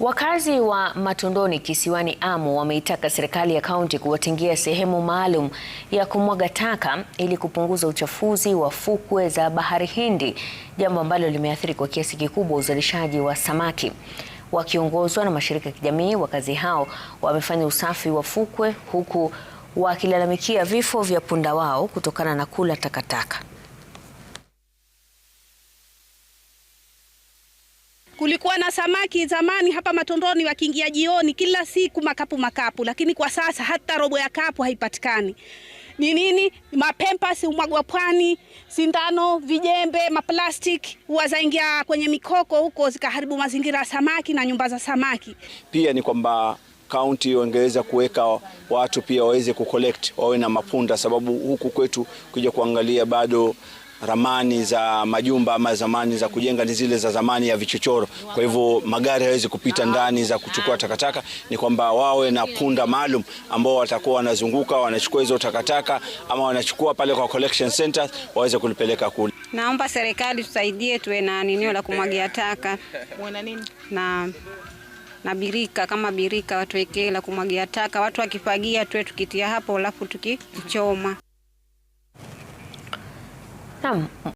Wakazi wa Matondoni kisiwani Amu wameitaka serikali ya kaunti kuwatengia sehemu maalum ya kumwaga taka ili kupunguza uchafuzi wa fukwe za Bahari Hindi, jambo ambalo limeathiri kwa kiasi kikubwa uzalishaji wa samaki. Wakiongozwa na mashirika ya kijamii, wakazi hao wamefanya usafi wa fukwe huku wakilalamikia vifo vya punda wao kutokana na kula takataka. Kulikuwa na samaki zamani hapa Matondoni, wakiingia jioni kila siku makapu makapu, lakini kwa sasa hata robo ya kapu haipatikani. Ni nini? Mapempasi umwagwa pwani, sindano, vijembe, maplastiki huwa zaingia kwenye mikoko huko, zikaharibu mazingira ya samaki na nyumba za samaki. Pia ni kwamba kaunti wangeweza kuweka watu pia waweze kucollect, wawe na mapunda, sababu huku kwetu kuja kuangalia bado ramani za majumba ama zamani za kujenga ni zile za zamani ya vichochoro. Kwa hivyo magari hayawezi kupita ndani za kuchukua takataka, ni kwamba wawe na punda maalum ambao watakuwa wanazunguka wanachukua hizo takataka ama wanachukua pale kwa collection centers waweze kulipeleka kule. Naomba serikali tusaidie, tuwe na ninio la kumwagia taka na na birika kama birika watuwekee la kumwagia taka, watu wakifagia tuwe tukitia hapo, alafu tukichoma. 多分